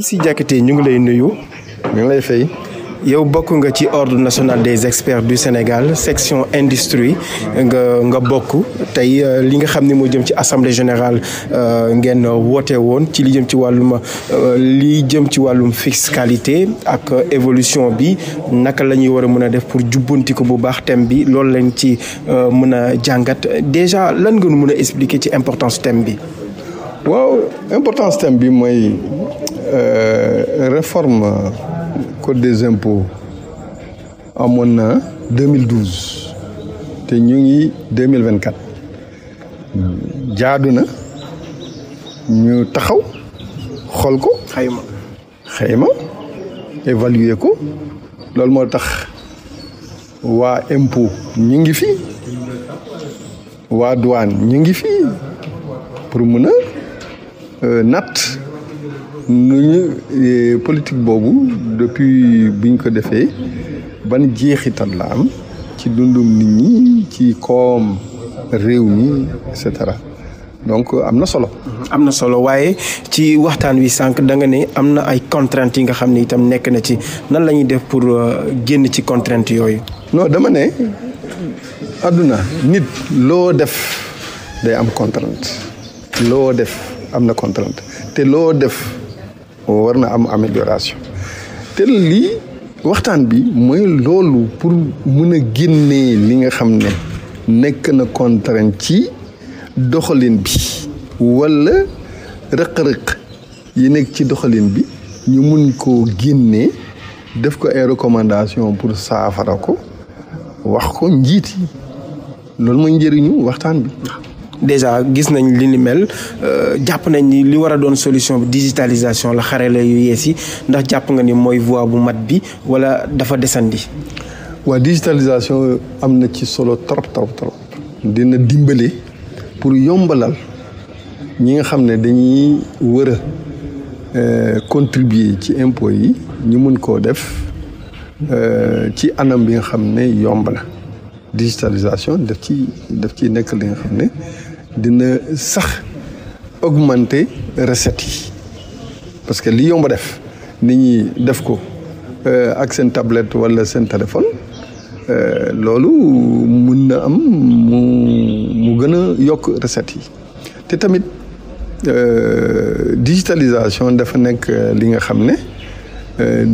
si Diakité ñu ngi lay nuyu. ñu lay fay. yow bokk nga ci ordre national des experts du Sénégal section industrie nga nga bokk tey euh, li nga xam ni moo jëm ci assemblée générale euh, ngeen woote woon ci li jëm ci wàllum euh, li jëm ci wàllum fiscalité ak évolution bi naka la ñuy war a mën a def pour jubbanti ko bu baax thème bi loolu lañ ci mën a jàngat déjà lan nga nu mën a expliquer ci importance thème bi. waaw importance thème bi mooy Euh, réforme code des impôts amoon na 2012 te ñu ngi 2024 jaadu na ñu taxaw xool ko. xayma xayma évaluer ko loolu moo tax waa impôt ñu ngi fi waa douane ñu ngi fi pour mun a euh, natt. ñu eh, politique boobu depuis biñ ko defee ban jeexitam la am ci dundum nit ñi ci koom réew mi et cetera donc euh, am na solo. am na solo waaye ci waxtaan wi sànq da nga ne am na ay contraintes yi nga xam ne itam nekk na ci nan la ñuy def pour euh, génn ci contraintes yooyu. non dama ne àdduna nit loo def day am contrainte loo def am na contrainte te loo def. war na am amélioration te lii waxtaan bi mooy loolu pour mun a génnee li nga xam ne nekk na contrainte ci doxalin bi wala rëq-rëq yi nekk ci doxalin bi ñu mën koo génnee def ko ay recommandation pour saafara ko wax ko njiit yi loolu mooy njëriñu waxtaan bi déjà gis nañ li ni mel euh, jàpp nañ ni li war a doon solution bi digitalisation la xarala yu yees yi ndax jàpp nga ni mooy voie bu mat bi wala dafa desandi. waa digitalisation am na ci solo trop trop trop. dina dimbale pour yombalal ñi nga xam ne dañuy war a euh, contribuer ci impôt yi ñu mën koo def euh, ci anam bi nga xam ne yomb la. digitalisation def ci daf ci nekk li nga xam ne dina sax augmenter recettes yi parce que li yomb def ni ñi def ko euh, ak seen tablette wala seen téléphone euh, loolu mun na am mu mu gën a yokk recettes yi te tamit euh, digitalisation dafa nekk li nga xam ne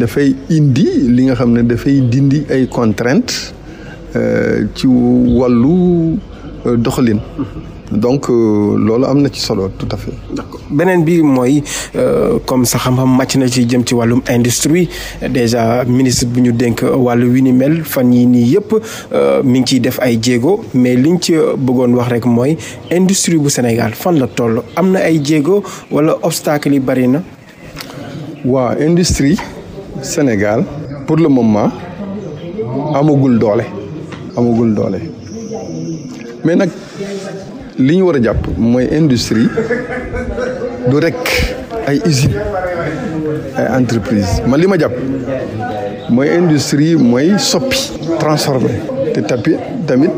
dafay indi li nga xam ne dafay dindi ay contraintes Euh, ci wàllu euh, doxalin. donc euh, loolu am na ci solo tout à beneen bi mooy comme sa xam-xam màcc na ci jëm ci wàllum industrie déjà ministre bu ñu dénk wàllu wi ni mel fan yii nii yëpp mi ngi ciy def ay jéego mais liñ ci bëggoon wax rek mooy industrie bu Sénégal fan la toll am na ay jéego wala obstacle yi bari na. waaw industrie Sénégal pour le moment amagul doole. amagul doole mais nag li ñu war a jàpp mooy industrie du rek ay usine ay entreprise man li ma jàpp mooy industrie mooy soppi transformé te tapi tamit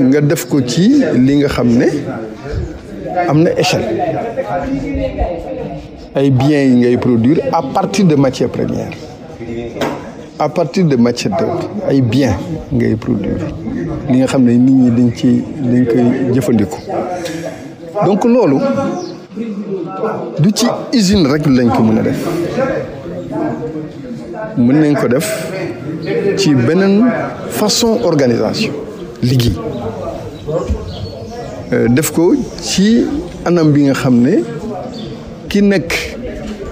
nga def ko ci li nga xam ne am na échelle ay biens yi ngay produire à partir de matière première à partir de matière d'œuvre ay biens ngay produire li nga xam ne nit ñi dañ ci dañ koy jëfandiku donc loolu du ci usine rek lañ ko mën a def mën nañ ko def ci beneen façon organisation liggéey euh, def ko ci anam bi nga xam ne ki nekk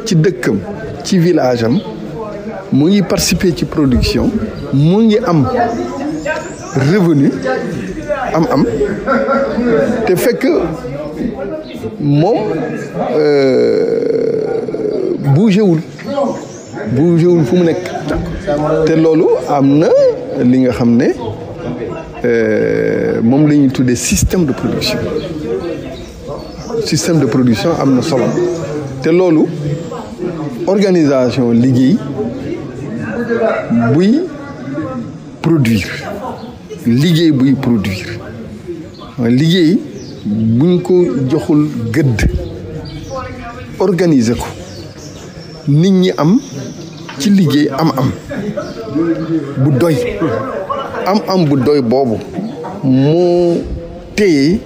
ci dëkkam ci village am mu ngi participer ci production mu ngi am revenu am am te fekk moom euh, bougéwul bougéwul fu mu nekk te loolu am na li nga xam ne euh, moom la ñuy tuddee système de production système de production am na solo te loolu organisation liggéey buy produire liggéey buy produire liggéey buñ ko joxul gëdd organiser ko nit ñi am ci liggéey am-am bu doy am-am bu doy boobu moo téye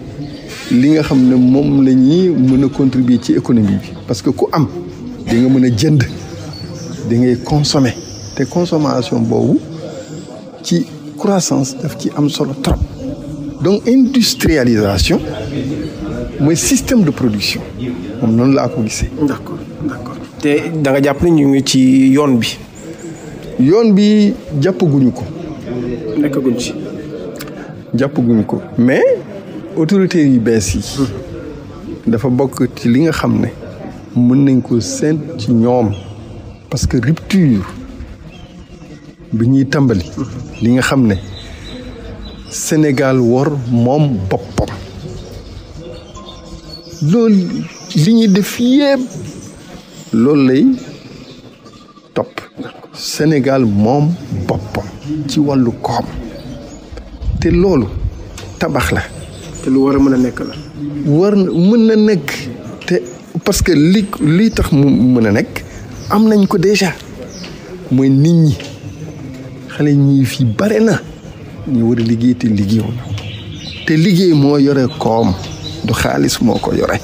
li nga xam ne moom la ñuy mën a contribuer ci économie bi parce que ku am di nga mën a jënd di ngay consommer te consommation boobu ci croissance daf ci am solo trop donc industrialisation mooy système de production moom noonu laa ko gisee. d'accord d'accord te da jàpp nañ ñu ngi ci yoon bi. yoon bi jàppaguñu ko. nekkaguñ ci. jàppaguñu ko mais autorités yi bees yi. dafa bokk ci li nga xam ne. mën nañ ko séntu ci ñoom. parce que rupture. bi ñuy tàmbali li nga xam ne Sénégal war moom boppam loolu li ñuy def yépp loolu lay topp Sénégal moom boppam ci wàllu koom te loolu tabax la te lu war a mën a nekk la war mën na nekk te parce que li lii tax mu mën a nekk am nañ ko déjà mooy nit ñi xale ñi fi bare na ñu war a liggéey te liggéey moo yore koom du xaalis moo ko yore.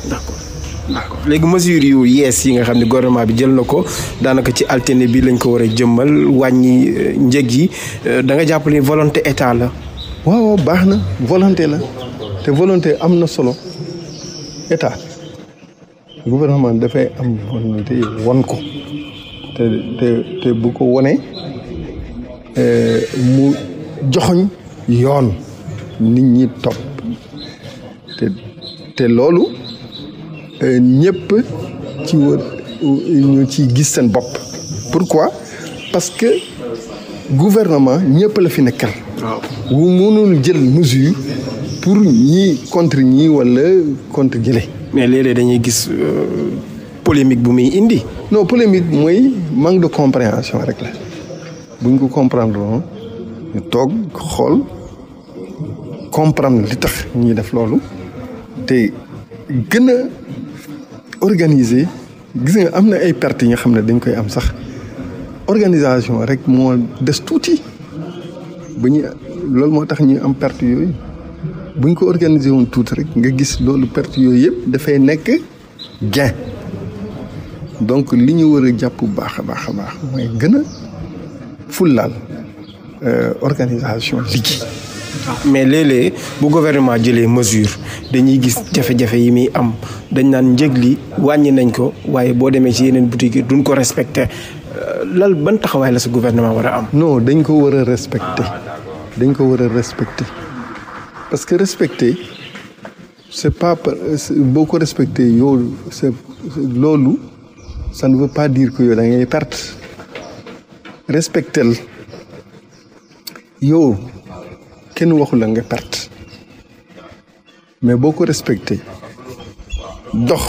d'accord léegi mesures yu yees yi nga xam ne gouvernement bi jël na ko daanaka ci altine bi lañ ko war a jëmmal wàññi euh, njëg yi euh, da nga jàppale volonté état la. waaw baax na volonté la te volonté am na solo état gouvernement dafay am volonté won ko te te bu ko wone Euh, mu joxoñ yoon nit ñi topp te te loolu euh, ñëpp ci wër ñu ci gis seen bopp pourquoi parce que gouvernement ñëpp la fi nekkal wu mënul jël mesure pour ñi contre ñi wala contre jële mais léeg dañuy gis euh, polémique bu muy indi non polémique mooy manque de compréhension rek la buñ ko comprendre woon ñu toog xool comprendre li tax ñuy def loolu te gën a organiser gis nga am na ay pertes yi nga xam ne dañ koy am sax organisation rek moo des tuuti bu ñu loolu moo tax ñuy am perte yooyu buñ ko organiser woon tuuti rek nga gis loolu perte yooyu yëpp dafay nekk gain donc li ñu war a jàpp bu baax a baax a baax mooy gën a fullaal euh, organisation liggéey mais léeg-léeg bu gouvernement jëlee mesure dañuy gis jafe-jafe yi muy am dañ naan njëg li wàññi nañ ko waaye boo demee ci yeneen boutique duñ ko respecté euh, lal ban taxawaay la sa gouvernement war a am. non dañ ko war a respecté dañ ko war a respecté parce que respecté c'est pas boo ko respecté yow c'est loolu ça ne veut pas dire que yow da perte. respectel yow kenn waxu la nga perte mais boo ko respecté dox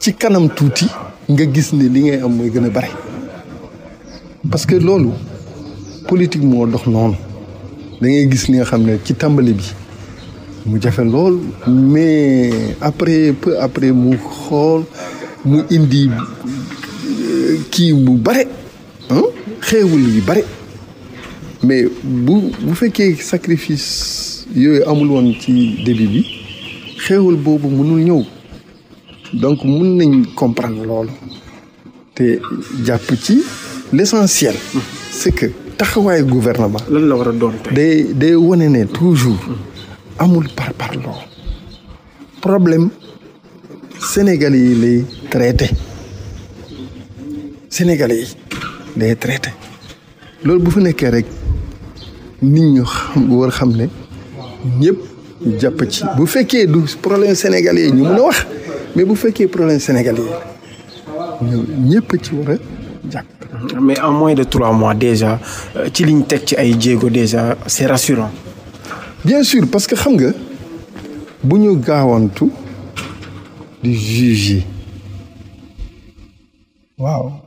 ci kanam tuuti nga gis ni li ngay am mooy gën a bare parce que loolu politique moo dox noonu da ngay gis li nga xam ne ci tàmbali bi mu jafe lool mais après peu après mu xool mu indi euh, kii mu bare xeewul yi bare mais bu bu fekkee sacrifice yooyu amul woon ci début bi xeewul boobu mënul ñëw donc mun nañ comprendre loolu te jàpp ci l'essentiel c'est que taxawaayu gouvernement lan la war a doon day day wane ne toujours amul par parloo problème sénégalais yi lay traité sénégalais yi day traité loolu bu fa nekkee rek nit ñu xam war xam ne ñëpp jàpp ci bu fekkee du problème sénégalais ñu mun a wax mais bu fekkee problème sénégalais ñu ñëpp ci war a jàpp. mais en mois de trois mois déjà euh, ci liñ teg ci ay jéego déjà c'est rassurant. bien sûr parce que xam nga bu ñu gaawantu di juger waaw.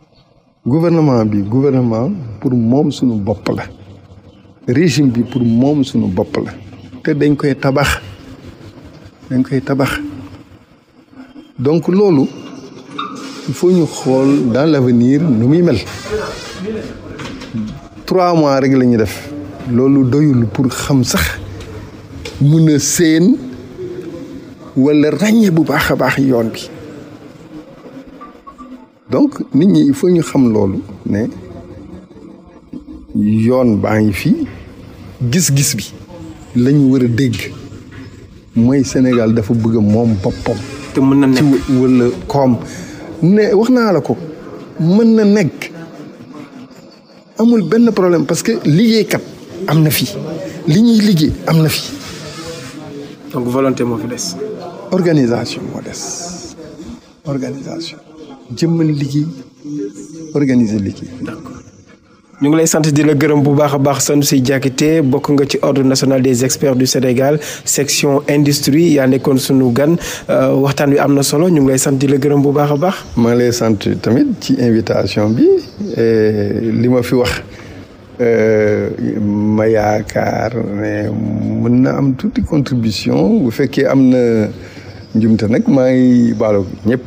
gouvernement bi gouvernement pour moom suñu bopp la régime bi pour moom suñu bopp la te dañ koy tabax dañ koy tabax donc loolu il faut ñu xool dans l'avenir nu muy mel trois mois rek la ñu def loolu doyul pour xam sax mun a seen walla ràññee bu baax a baax yoon bi donc nit ñi il ñu xam loolu ne yoon baa ngi fii gis-gis bi la ñu war a dégg mooy Sénégal dafa bëgg a moom boppam. te mën na nekk koom. ne wax naa la ko mën na nekk amul benn problème parce que liggéeykat am na fi li ñuy liggéey am na fi. donc volonté moo des. organisation moo jëmmal liggéey organiser liggéey. d'accord ñu ngi lay sant di la gërëm bu baax a baax si Diakité bokk nga ci ordre national des experts du Sénégal section industrie yaa nekkoon sunu gan euh, waxtaan wi am na solo ñu ngi lay sant di la gërëm bu baax a baax. maa lay sant tamit ci invitation bi li ma fi wax. Euh, ma yaakaar ne mën na am tuuti contribution bu fekkee am na njumte nag maa ngi baalo ñëpp